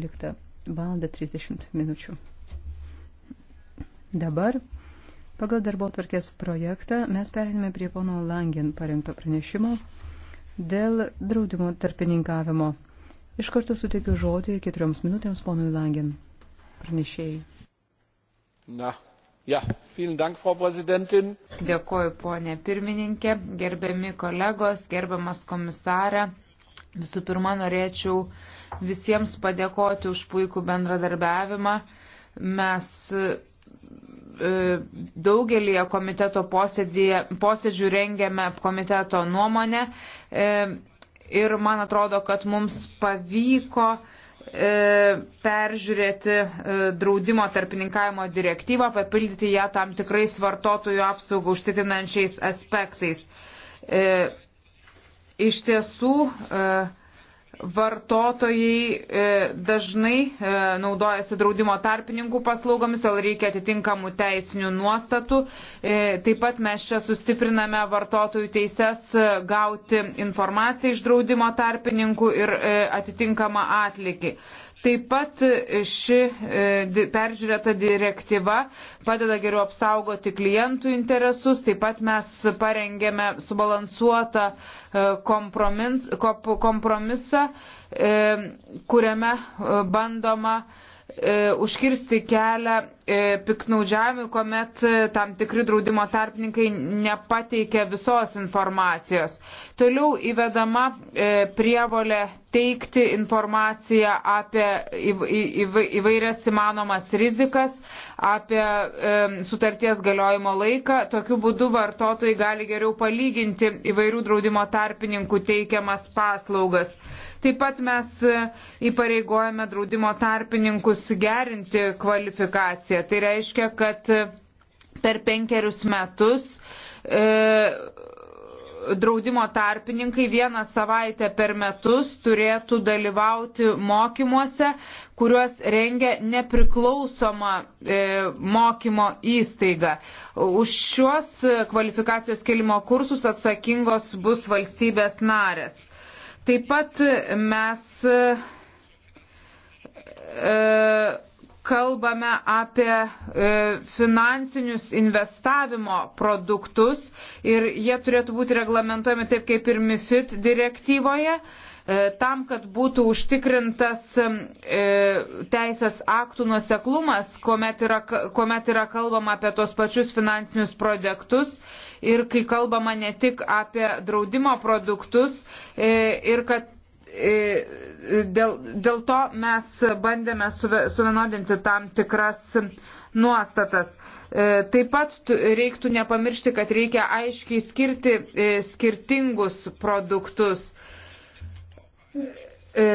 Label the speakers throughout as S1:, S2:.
S1: 12 val. 30 minučių. Dabar pagal darbo tvarkės projektą mes perėmėme prie pono Langin parengto pranešimo dėl draudimo tarpininkavimo. Iš karto suteikiu žodį keturioms minutėms ponui Langin pranešėjai. Na, Ja,
S2: dank, Frau Dėkuoju, ponė pirmininkė, gerbiami kolegos, gerbiamas komisarė. Visų pirma, norėčiau visiems padėkoti už puikų bendradarbiavimą. Mes e, daugelį komiteto posėdžių rengėme komiteto nuomonę e, ir man atrodo, kad mums pavyko e, peržiūrėti draudimo tarpininkavimo direktyvą, papildyti ją tam tikrais vartotojų apsaugų užtikrinančiais aspektais iš tiesų e, vartotojai e, dažnai e, naudojasi draudimo tarpininkų paslaugomis, o reikia atitinkamų teisinių nuostatų. Taip pat mes čia sustipriname vartotojų teises gauti informaciją iš draudimo tarpininkų ir atitinkamą atlikį. Taip pat ši e, peržiūrėta direktyva padeda geriau apsaugoti klientų interesus, taip pat mes parengėme subalansuotą e, kompromis, kompromisą, e, kuriame bandoma e, užkirsti kelią e, piknaudžiavimui, kuomet e, tam tikri draudimo tarpininkai nepateikia visos informacijos. Toliau įvedama e, prievolė teikti informaciją apie įv, įv, įvairias įmanomas rizikas, apie e, sutarties galiojimo laiką. Tokiu būdu vartotojai gali geriau palyginti įvairių draudimo tarpininkų teikiamas paslaugas. Taip pat mes e, įpareigojame draudimo tarpininkus gerinti kvalifikaciją. Tai reiškia, kad e, per penkerius metus e, draudimo tarpininkai vieną savaitę per metus turėtų dalyvauti mokymuose, kuriuos rengia nepriklausoma e, mokymo įstaiga. Už šiuos kvalifikacijos kelimo kursus atsakingos bus valstybės narės. Taip pat mes e, kalbame apie e, finansinius investavimo produktus ir jie turėtų būti reglamentojami taip kaip ir MIFID direktyvoje. E, tam, kad būtų užtikrintas e, teisės aktų nuseklumas, kuomet yra, kuomet yra kalbama apie tos pačius finansinius projektus ir kai kalbama ne tik apie draudimo produktus e, ir kad dėl, dėl to mes bandėme suvienodinti tam tikras nuostatas. Taip pat reiktų nepamiršti, kad reikia aiškiai skirti skirtingus produktus. E,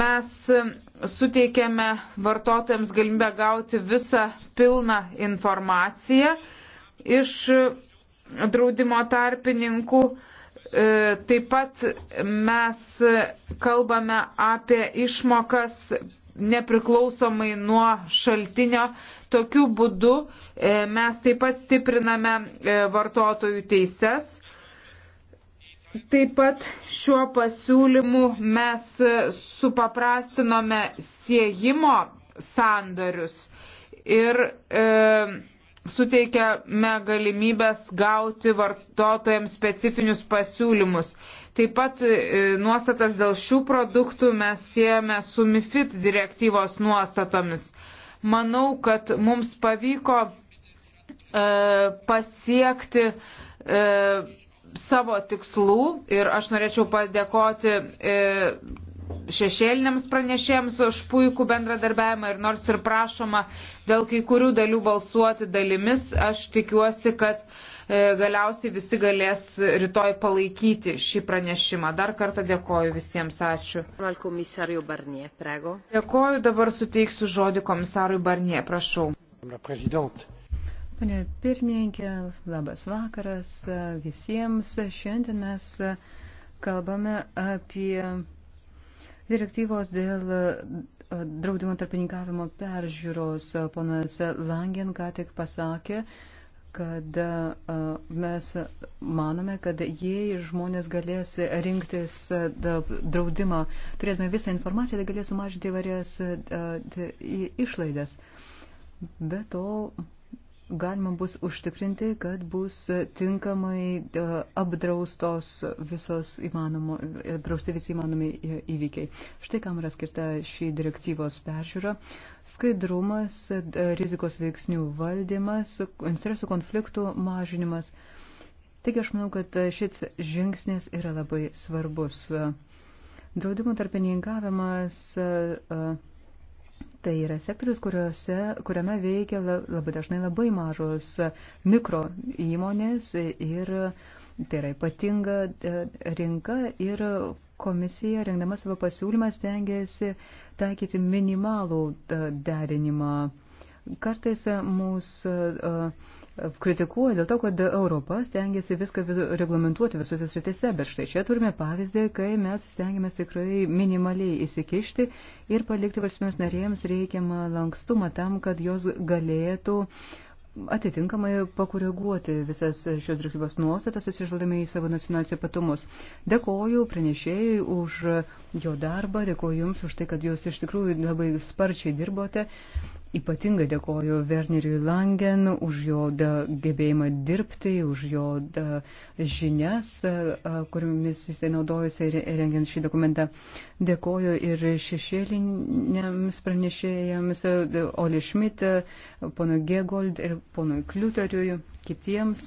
S2: mes suteikėme vartotojams galimybę gauti visą pilną informaciją iš draudimo tarpininkų. E, taip pat mes kalbame apie išmokas nepriklausomai nuo šaltinio. Tokiu būdu e, mes taip pat stipriname vartotojų teises Taip pat šiuo pasiūlymu mes supaprastinome siejimo sandarius ir e, suteikiame galimybės gauti vartotojams specifinius pasiūlymus. Taip pat e, nuostatas dėl šių produktų mes siejame su MIFID direktyvos nuostatomis. Manau, kad mums pavyko e, pasiekti e, savo tikslų ir aš norėčiau padėkoti e, šešėliniams pranešėjams už puikų bendradarbiavimą ir nors ir prašoma dėl kai kurių dalių balsuoti dalimis, aš tikiuosi, kad e, galiausiai visi galės rytoj palaikyti šį pranešimą. Dar kartą dėkoju visiems, ačiū. Dėkoju, dabar suteiksiu žodį komisarui Barnie, prašau.
S1: Pane pirmininkė, labas vakaras visiems. Šiandien mes kalbame apie direktyvos dėl e, draudimo tarpininkavimo peržiūros. Ponas Langen ką tik pasakė, kad e, mes manome, kad jei žmonės galės rinktis e, draudimą, turėtume visą informaciją, tai galės sumažinti įvairias išlaidas. Be to, galima bus užtikrinti, kad bus tinkamai e, apdraustos visos įmanomo, apdrausti visi įmanomi e, įvykiai. Štai kam yra skirta šį direktyvos peržiūrą. Skaidrumas, e, rizikos veiksnių valdymas, interesų konfliktų mažinimas. Taigi aš manau, kad šis žingsnis yra labai svarbus. Draudimo tarpininkavimas. Uh, uh, Tai yra sektorius, kuriuose, kuriame veikia labai dažnai labai mažos mikro įmonės ir tai yra ypatinga e, rinka ir komisija, rengdama savo pasiūlymą, stengiasi taikyti minimalų e, derinimą Kartais mūsų e, kritikuoja dėl to, kad Europa stengiasi viską reglamentuoti visose sritise, bet štai čia turime pavyzdį, kai mes stengiamės tikrai minimaliai įsikišti ir palikti valstybėms narėjams reikiamą lankstumą tam, kad jos galėtų atitinkamai pakoreguoti visas šios direktyvos nuostatas, atsižvelgdami į savo nacionalinius ypatumus. Dėkoju pranešėjai už jo darbą, dėkoju Jums už tai, kad Jūs iš tikrųjų labai sparčiai dirbote. Ypatingai dėkoju Werneriui Langen už jo gebėjimą dirbti, už jo žinias, kuriomis jisai naudojasi rengiant šį dokumentą. Dėkoju ir šešėliniams pranešėjams, Oli Šmit, pono Gegold ir pono Kliuteriui, kitiems.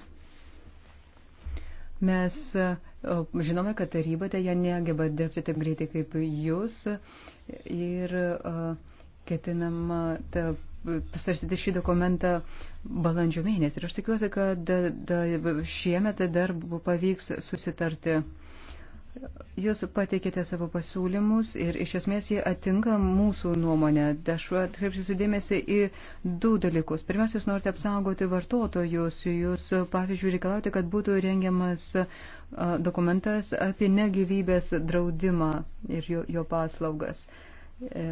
S1: Mes žinome, kad taryba tai jie negeba dirbti taip greitai kaip jūs. Ir, uh, ketinama svarstyti šį dokumentą balandžio mėnesį. Ir aš tikiuosi, kad šiemet dar pavyks susitarti. Jūs pateikėte savo pasiūlymus ir iš esmės jie atinka mūsų nuomonę. Aš atkreipsiu sudėmėsi į du dalykus. Pirmiausia, jūs norite apsaugoti vartotojus. Jūs, pavyzdžiui, reikalauti, kad būtų rengiamas dokumentas apie negyvybės draudimą ir jo, jo paslaugas. E,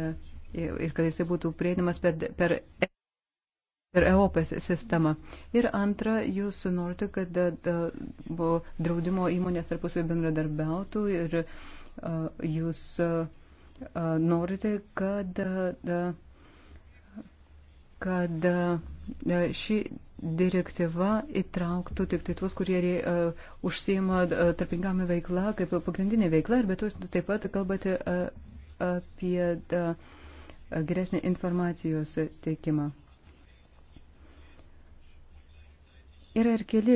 S1: ir kad jisai būtų prieinamas per, per, per EOP sistemą. Ir antra, jūs norite, kad da, da, draudimo įmonės tarpusavį bendradarbiautų ir a, jūs a, norite, kad, da, kad da, ši direktyva įtrauktų tik tai tuos, kurie uh, užsima uh, tarpingami veikla kaip pagrindinė veikla ir bet jūs taip pat kalbate uh, apie uh, geresnį informacijos teikimą. Yra ir keli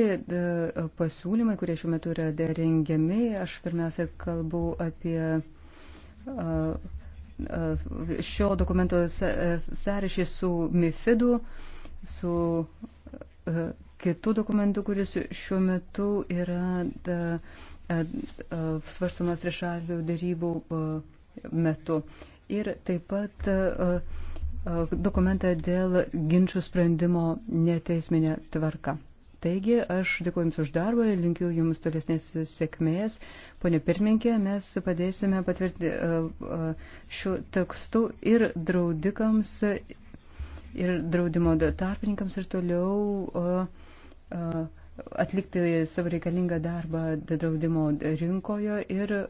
S1: pasiūlymai, kurie šiuo metu yra rengiami. Aš pirmiausia kalbu apie šio dokumento sąryšį su MIFIDu, su kitų dokumentų, kuris šiuo metu yra da, svarstamas trišalių darybų metu ir taip pat e, e, dokumentą dėl ginčių sprendimo neteisminė tvarka. Taigi, aš dėkuoju Jums už darbą ir linkiu Jums tolesnės sėkmės. Pone pirmininkė, mes padėsime patvirtinti e, šių tekstų ir draudikams, ir draudimo tarpininkams ir toliau. Uh, uh, atlikti savo reikalingą darbą draudimo rinkoje ir e,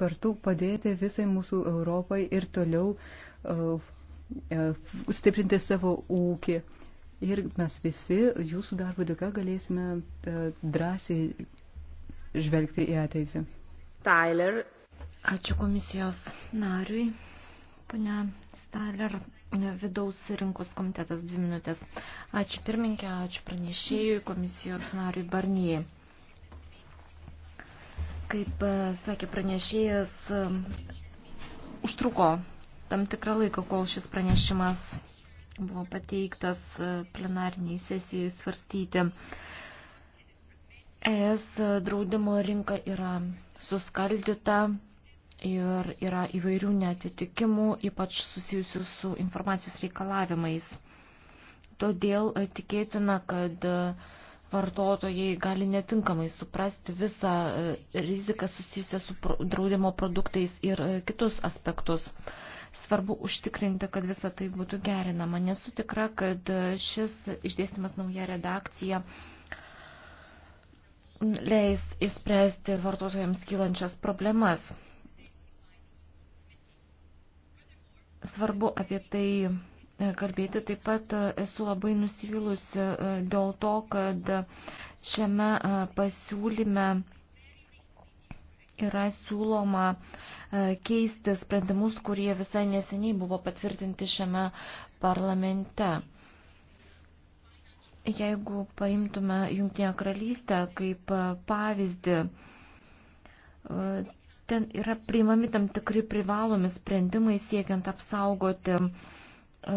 S1: kartu padėti visai mūsų Europai ir toliau e, e, stiprinti savo ūkį. Ir mes visi jūsų darbo dėka galėsime drąsiai žvelgti į ateitį.
S2: Tyler.
S1: Ačiū komisijos nariui, ponia
S3: Staler. Vidaus rinkos komitetas dvi minutės. Ačiū pirminkė, ačiū pranešėjui, komisijos nariui Barnijai. Kaip e, sakė pranešėjas, e, užtruko tam tikrą laiką, kol šis pranešimas buvo pateiktas e, plenariniai sesijai svarstyti. ES draudimo rinka yra suskaldyta, ir yra įvairių netitikimų, ypač susijusių su informacijos reikalavimais. Todėl e, tikėtina, kad e, vartotojai gali netinkamai suprasti visą e, riziką susijusią su draudimo produktais ir kitus aspektus. Svarbu užtikrinti, kad visa tai būtų gerinama. Nesu tikra, kad šis išdėstymas nauja redakcija leis išspręsti vartotojams kylančias problemas. Svarbu apie tai e, kalbėti. Taip pat e, esu labai nusivylusi e, dėl to, kad šiame pasiūlyme yra siūloma keisti sprendimus, kurie visai neseniai buvo patvirtinti šiame parlamente. Jeigu paimtume Junktinę karalystę kaip pavyzdį, ten yra priimami tam tikri privalomi sprendimai siekiant apsaugoti e,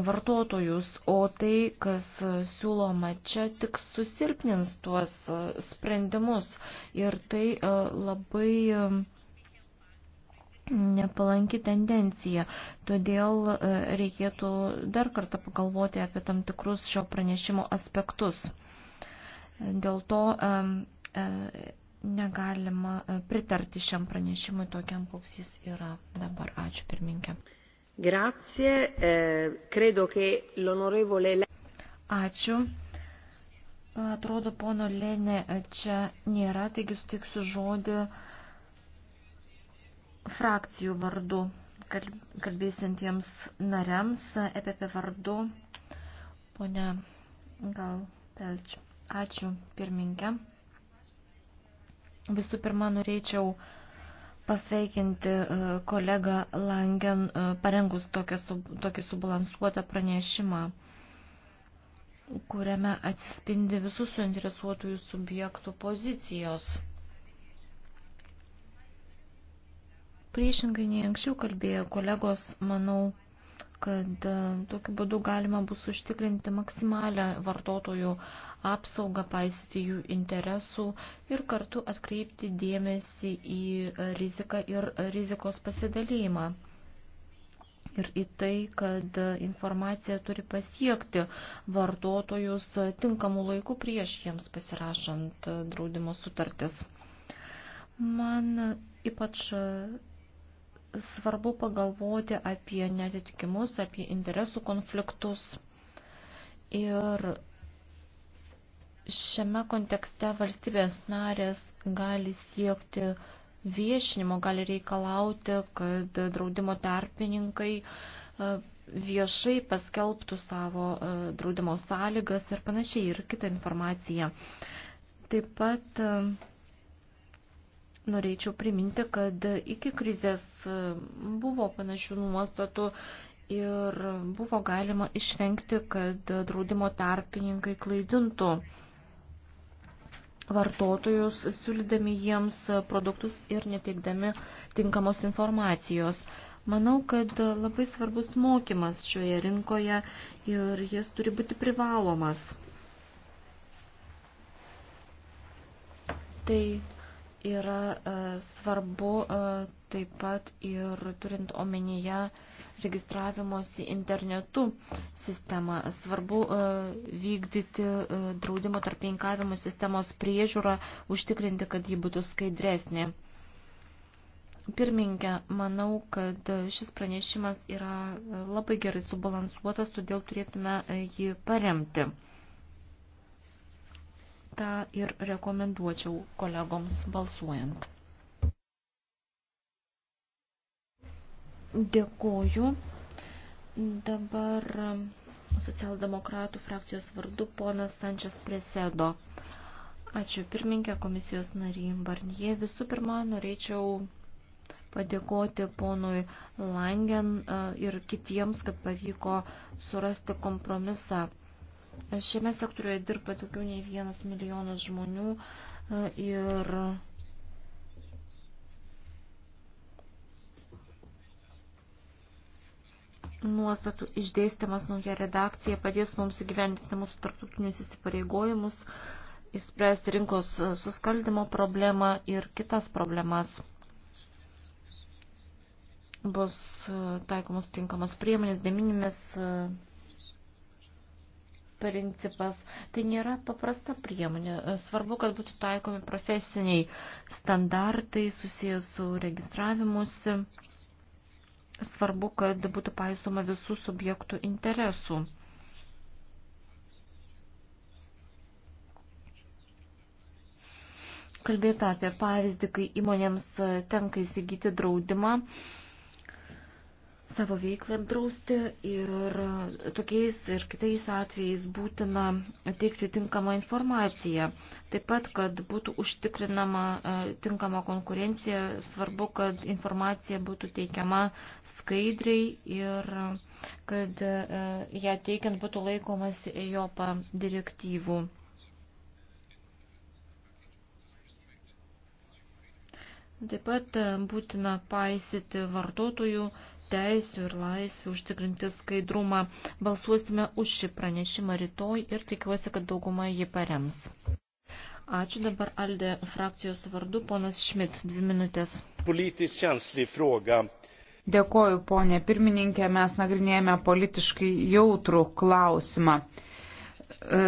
S3: vartotojus, o tai, kas siūloma čia, tik susilpnins tuos e, sprendimus ir tai e, labai nepalanki tendencija. Todėl reikėtų dar kartą pagalvoti apie tam tikrus šio pranešimo aspektus. Dėl to Negalima e, pritarti šiam pranešimui tokiam, koks jis yra dabar. Ačiū pirminkė. Grazie. Eh, credo che l'onorevole. Ačiū. Atrodo, pono Lenė čia nėra, taigi sutiksiu žodį frakcijų vardu kalbėsintiems nariams, EPP vardu, ponia Gal Telč. Ačiū, pirminkė. Visų pirma, norėčiau pasveikinti e, kolegą Langen e, parengus tokį subalansuotą pranešimą, kuriame atsispindi visų suinteresuotųjų subjektų pozicijos. Priešingai nei anksčiau kalbėjo kolegos, manau, kad e, tokiu būdu galima bus užtikrinti maksimalę vartotojų apsaugą, paisyti jų interesų ir kartu atkreipti dėmesį į riziką ir rizikos pasidalymą. Ir į tai, kad informacija turi pasiekti vartotojus tinkamų laikų prieš jiems pasirašant draudimo sutartis. Man ypač svarbu pagalvoti apie netitikimus, apie interesų konfliktus. Ir šiame kontekste valstybės narės gali siekti viešinimo, gali reikalauti, kad draudimo tarpininkai e, viešai paskelbtų savo e, draudimo sąlygas ir panašiai ir kitą informaciją. Taip pat e, norėčiau priminti, kad iki krizės buvo panašių nuostatų ir buvo galima išvengti, kad draudimo tarpininkai klaidintų vartotojus, siūlydami jiems produktus ir neteikdami tinkamos informacijos. Manau, kad labai svarbus mokymas šioje rinkoje ir jis turi būti privalomas. Tai yra e, svarbu e, taip pat ir turint omenyje registravimosi internetu sistemą. Svarbu e, vykdyti draudimo tarpininkavimo sistemos priežiūrą, užtikrinti, kad ji būtų skaidresnė. Pirmininkė, manau, kad šis pranešimas yra labai gerai subalansuotas, todėl turėtume jį paremti tą ir rekomenduočiau kolegoms balsuojant. Dėkoju. Dabar socialdemokratų frakcijos vardu ponas Sančias Presedo. Ačiū pirmininkė komisijos nariai Barnie. Visų pirma, norėčiau padėkoti ponui Langen e, ir kitiems, kad pavyko surasti kompromisą Šiame sektoriuje dirba daugiau nei vienas milijonas žmonių e, ir nuostatų išdėstymas nauja redakcija padės mums įgyvendinti mūsų tarptautinius įsipareigojimus, įspręsti rinkos e, suskaldimo problemą ir kitas problemas. Bus e, taikomus tinkamas priemonės, dėminimis principas. Tai nėra paprasta priemonė. Svarbu, kad būtų taikomi profesiniai standartai susijęs su registravimusi. Svarbu, kad būtų paisoma visų subjektų interesų. Kalbėta apie pavyzdį, kai įmonėms tenka įsigyti draudimą savo veiklą apdrausti ir tokiais ir kitais atvejais būtina teikti tinkamą informaciją. Taip pat, kad būtų užtikrinama e, tinkama konkurencija, svarbu, kad informacija būtų teikiama skaidriai ir kad e, ją teikiant būtų laikomas JOPA direktyvų. Taip pat e, būtina paisyti vartotojų teisių ir laisvių užtikrinti skaidrumą. Balsuosime už šį pranešimą rytoj ir tikiuosi, kad dauguma jį parems. Ačiū dabar Aldė frakcijos vardu, ponas Šmit, dvi minutės.
S2: Dėkoju, ponė pirmininkė, mes nagrinėjame politiškai jautrų klausimą. E,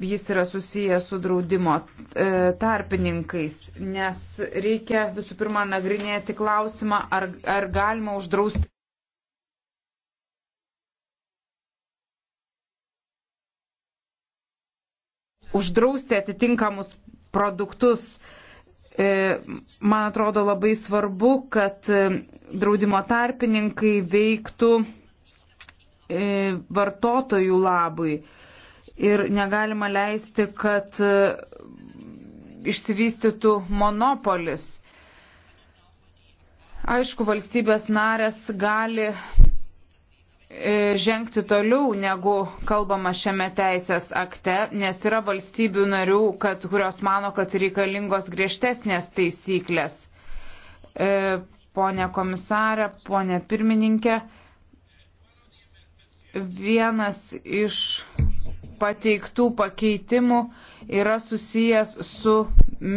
S2: jis yra susijęs su draudimo e, tarpininkais, nes reikia visų pirma nagrinėti klausimą, ar, ar galima uždrausti. Uždrausti atitinkamus produktus, e, man atrodo labai svarbu, kad e, draudimo tarpininkai veiktų vartotojų labui ir negalima leisti, kad e, išsivystytų monopolis. Aišku, valstybės narės gali e, žengti toliau, negu kalbama šiame teisės akte, nes yra valstybių narių, kad, kurios mano, kad reikalingos griežtesnės taisyklės. E, pone komisarė, pone pirmininkė, vienas iš pateiktų pakeitimų yra susijęs su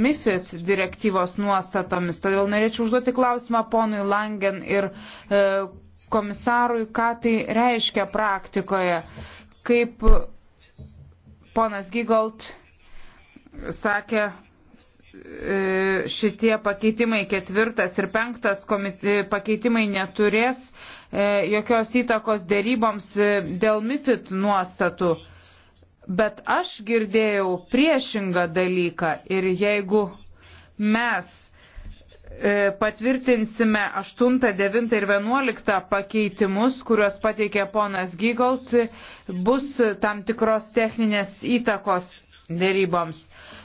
S2: MIFID direktyvos nuostatomis. Todėl norėčiau užduoti klausimą ponui Langen ir e, komisarui, ką tai reiškia praktikoje. Kaip ponas Gigolt sakė, e, šitie pakeitimai ketvirtas ir penktas komite, pakeitimai neturės e, jokios įtakos deryboms e, dėl MIFID nuostatų. Bet aš girdėjau priešingą dalyką ir jeigu mes e, patvirtinsime 8, 9 ir 11 pakeitimus, kuriuos pateikė ponas Gygolt, bus tam tikros techninės įtakos dėryboms.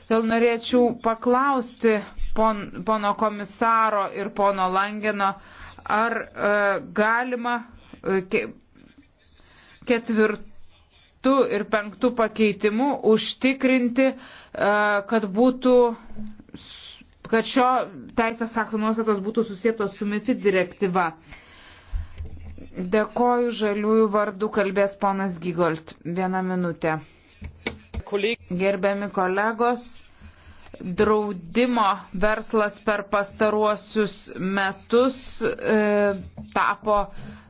S2: Todėl norėčiau paklausti pon, pono komisaro ir pono Langeno, ar e, galima e, ketvirt šeštų ir penktų pakeitimų užtikrinti, e, kad būtų kad šio teisės aktų nuostatos būtų susijėtos su MIFID direktyva. Dėkoju žaliųjų vardu, kalbės ponas Gigolt. Vieną minutę. Gerbiami kolegos, draudimo verslas per pastaruosius metus e, tapo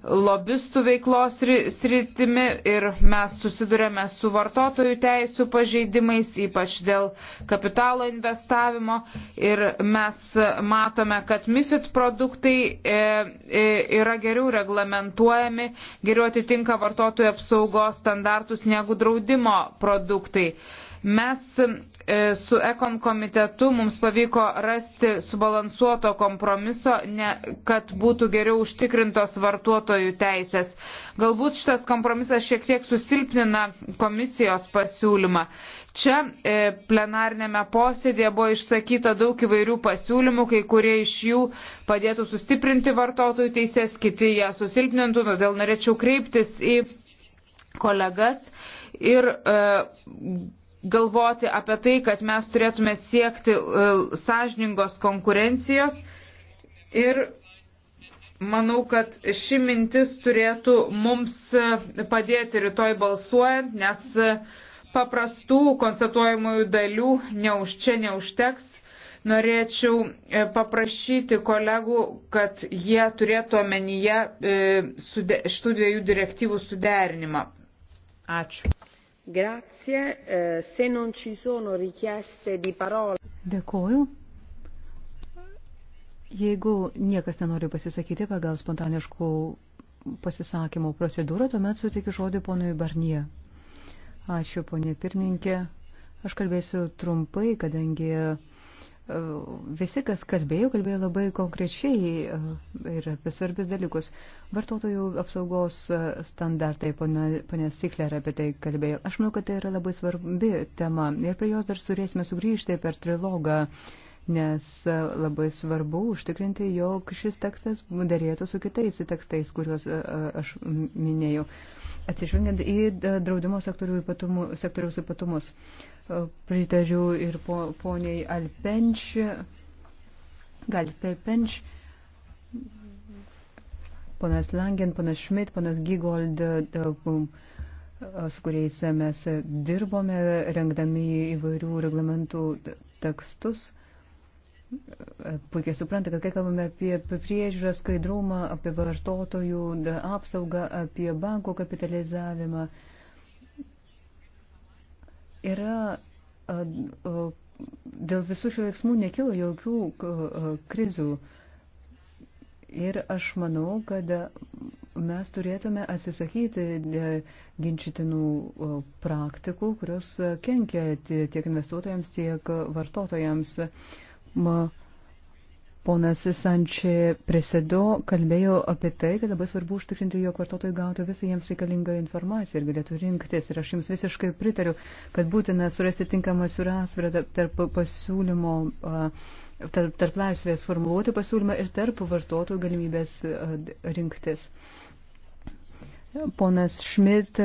S2: lobistų veiklos sritimi ir mes susidurėme su vartotojų teisų pažeidimais, ypač dėl kapitalo investavimo. Ir mes matome, kad MIFID produktai e, e, yra geriau reglamentuojami, geriau atitinka vartotojų apsaugos standartus negu draudimo produktai. E, Mes e, su Ekon komitetu mums pavyko rasti subalansuoto kompromiso, ne, kad būtų geriau užtikrintos vartotojų teisės. Galbūt šitas kompromisas šiek tiek susilpnina komisijos pasiūlymą. Čia e, plenarnėme posėdėje buvo išsakyta daug įvairių pasiūlymų, kai kurie iš jų padėtų sustiprinti vartotojų teises, kiti ją susilpnintų, todėl norėčiau kreiptis į kolegas ir e, galvoti apie tai, kad mes turėtume siekti e, sąžiningos konkurencijos ir manau, kad ši mintis turėtų mums e, padėti rytoj balsuojant, nes e, paprastų konstatuojamųjų dalių neuž čia neužteks. Norėčiau paprašyti kolegų, kad jie turėtų omenyje šitų dviejų direktyvų suderinimą. Ačiū. Grazie. Eh, se non ci sono richieste di parola.
S1: Dėkoju. Jeigu niekas nenori pasisakyti pagal spontaniškų pasisakymų procedūrą, tuomet sutikiu žodį ponui Barnie. Ačiū, ponė pirmininkė. Aš kalbėsiu trumpai, kadangi visi, kas kalbėjo, kalbėjo labai konkrečiai e, ir apie svarbius dalykus. Vartotojų apsaugos standartai, ponė Stikler apie tai kalbėjo. Aš manau, kad tai yra labai svarbi tema ir prie jos dar turėsime sugrįžti per trilogą. Uh, nes e, labai svarbu užtikrinti, jog šis tekstas darėtų su kitais tekstais, kuriuos e, e, aš minėjau, atsižvelgiant į draudimo ypatumų, sektoriaus ypatumus. Pritariu ir po, poniai Alpenč, gal Penč, ponas Langen, ponas Šmit, ponas Gigold. Da, da, su kuriais mes dirbome, rengdami įvairių reglamentų tekstus puikiai supranta, kad kai kalbame apie priežiūrą, skaidrumą, apie vartotojų apsaugą, apie bankų kapitalizavimą, yra dėl visų šių veiksmų nekilo jokių krizių. Ir aš manau, kad mes turėtume atsisakyti e, ginčitinų praktikų, kurios kenkia tiek investuotojams, tiek vartotojams. Uh, ponas Sančia Presedo kalbėjo apie tai, kad labai svarbu užtikrinti, jog vartotojai gautų visą jiems reikalingą informaciją ir galėtų rinktis. Ir aš jums visiškai pritariu, kad būtina surasti tinkamą surasvirą tarp pasiūlymo, tarp, tarp laisvės formuluoti pasiūlymą ir tarp vartotojų galimybės rinktis. Ponas Šmit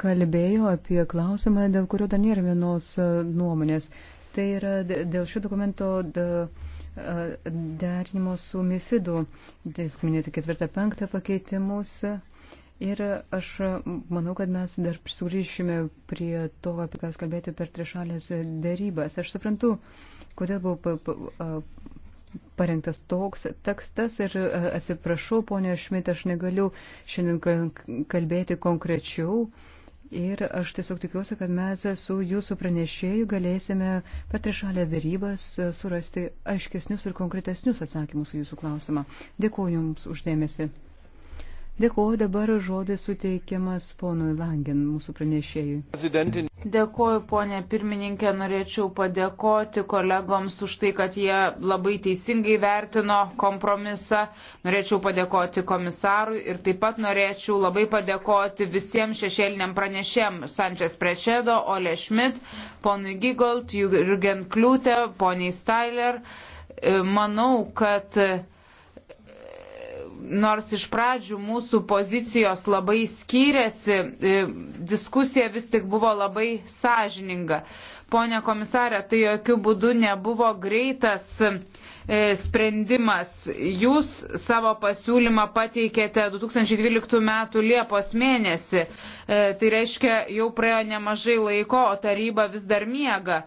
S1: kalbėjo apie klausimą, dėl kurio dar nėra vienos nuomonės. Tai yra dėl šio dokumento derinimo su MIFIDu, minėti ketvirtą, penktą pakeitimus. Ir aš manau, kad mes dar sugrįšime prie to, apie ką kalbėti per trišalės dėrybas. Aš suprantu, kodėl buvo parengtas toks tekstas ir atsiprašau, ponė Šmit, aš negaliu šiandien kalbėti konkrečiau. Uh, Ir aš tiesiog tikiuosi, kad mes su jūsų pranešėju galėsime per trišalės darybas surasti aiškesnius ir konkretesnius atsakymus į jūsų klausimą. Dėkuoju Jums uždėmesi. Dėkuoju, dabar žodis suteikiamas ponui Langin, mūsų pranešėjui. Dėkuoju, ponė pirmininkė, norėčiau
S2: padėkoti kolegoms už tai, kad jie labai teisingai vertino kompromisą. Norėčiau padėkoti komisarui ir taip pat norėčiau labai padėkoti visiems šešėliniam pranešėm Sančias Prečedo, Ole Schmidt, ponui Gigolt, Jürgen Kliūtė, poniai Styler. Manau, kad nors iš pradžių mūsų pozicijos labai skyrėsi, e, diskusija vis tik buvo labai sąžininga. Pone komisarė, tai jokių būdų nebuvo greitas E, sprendimas. Jūs savo pasiūlymą pateikėte 2012 m. Liepos mėnesį. E, tai reiškia, jau praėjo nemažai laiko, o taryba vis dar miega.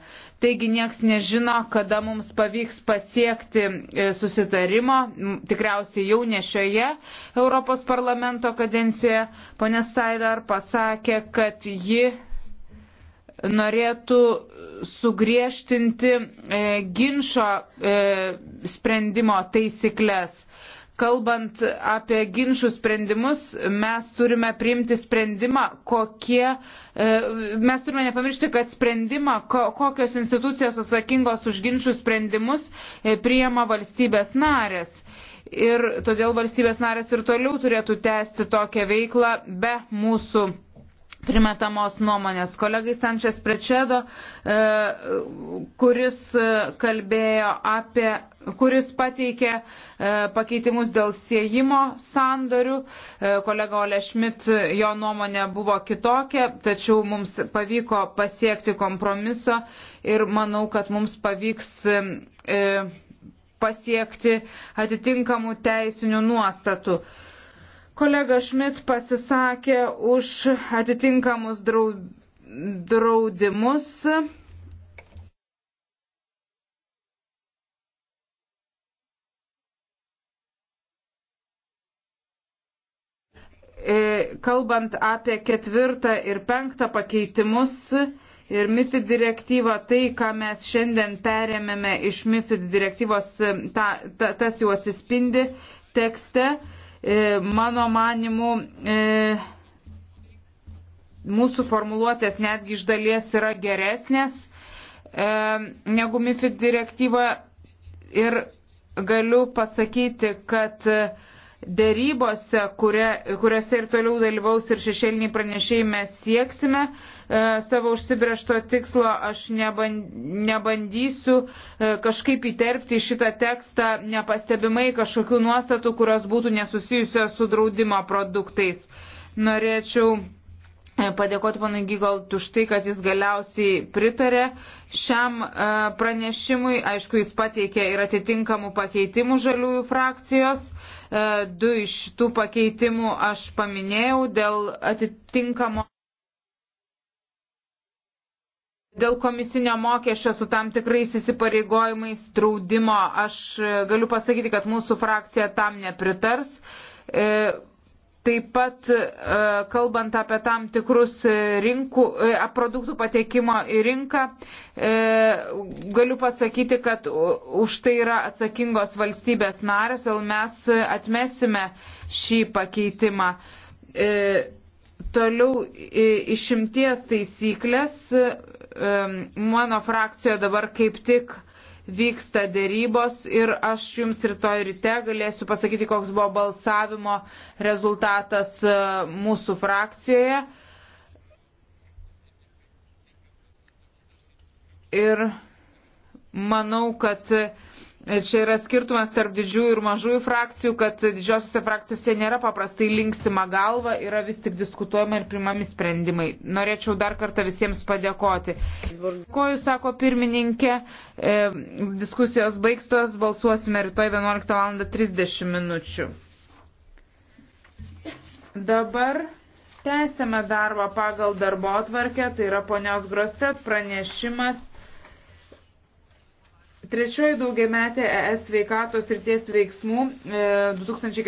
S2: Taigi nieks nežino, kada mums pavyks pasiekti e, susitarimo, tikriausiai jau ne šioje Europos parlamento kadencijoje. Pone Staidar pasakė, kad ji norėtų sugriežtinti e, ginčio e, sprendimo taisyklės. Kalbant apie ginčių sprendimus, mes turime priimti sprendimą, kokie, e, mes turime nepamiršti, kad sprendimą, ko, kokios institucijos atsakingos už ginčių sprendimus, e, priema valstybės narės ir todėl valstybės narės ir toliau turėtų tęsti tokią veiklą be mūsų primetamos nuomonės. Kolegai Sančias Prečedo, e, kuris e, kalbėjo apie, kuris pateikė e, pakeitimus dėl siejimo sandorių. Kolega Ole Šmit, jo nuomonė buvo kitokia, tačiau mums pavyko pasiekti kompromiso ir manau, kad mums pavyks pasiekti atitinkamų teisinių nuostatų. Kolega Šmit pasisakė už atitinkamus draudimus. E, kalbant apie ketvirtą ir penktą pakeitimus ir MIFID direktyvą, tai, ką mes šiandien perėmėme iš MIFID direktyvos, ta, ta, tas jau atsispindi tekste. E, mano manimu, e, mūsų formuluotės netgi iš dalies yra geresnės e, negu MIFID direktyva ir galiu pasakyti, kad dėrybose, kurie, kuriuose ir toliau dalyvaus ir šešėliniai pranešėjai, mes sieksime e, savo užsibriešto tikslo. Aš neban, nebandysiu e, kažkaip įterpti į šitą tekstą nepastebimai kažkokių nuostatų, kurios būtų nesusijusios su draudimo produktais. Norėčiau padėkoti panai Gygalt už tai, kad jis galiausiai pritarė šiam e, pranešimui. Aišku, jis pateikė ir atitinkamų pakeitimų žaliųjų frakcijos. E, du iš tų pakeitimų aš paminėjau dėl atitinkamo. Dėl komisinio mokesčio su tam tikrais įsipareigojimais draudimo aš e, galiu pasakyti, kad mūsų frakcija tam nepritars. Taip pat, e, kalbant apie tam tikrus rinkų, e, produktų patekimo į rinką, e, galiu pasakyti, kad už tai yra atsakingos valstybės narės, o mes atmesime šį pakeitimą. Toliau išimties taisyklės mano frakcijoje dabar kaip tik vyksta dėrybos ir aš jums rytoj ryte galėsiu pasakyti, koks buvo balsavimo rezultatas e, mūsų frakcijoje. Ir manau, kad E, čia yra skirtumas tarp didžiųjų ir mažųjų frakcijų, kad didžiosiuose frakcijose nėra paprastai linksima galva, yra vis tik diskutuojama ir primami sprendimai. Norėčiau dar kartą visiems padėkoti. Ko jūs sako pirmininkė, e, diskusijos baigstos, balsuosime rytoj 11.30 minučių. Dabar tęsėme darbą pagal darbo atvarkę, tai yra ponios Grostet pranešimas. Trečioji daugiametė ES sveikatos ir ties veiksmų 2014. E,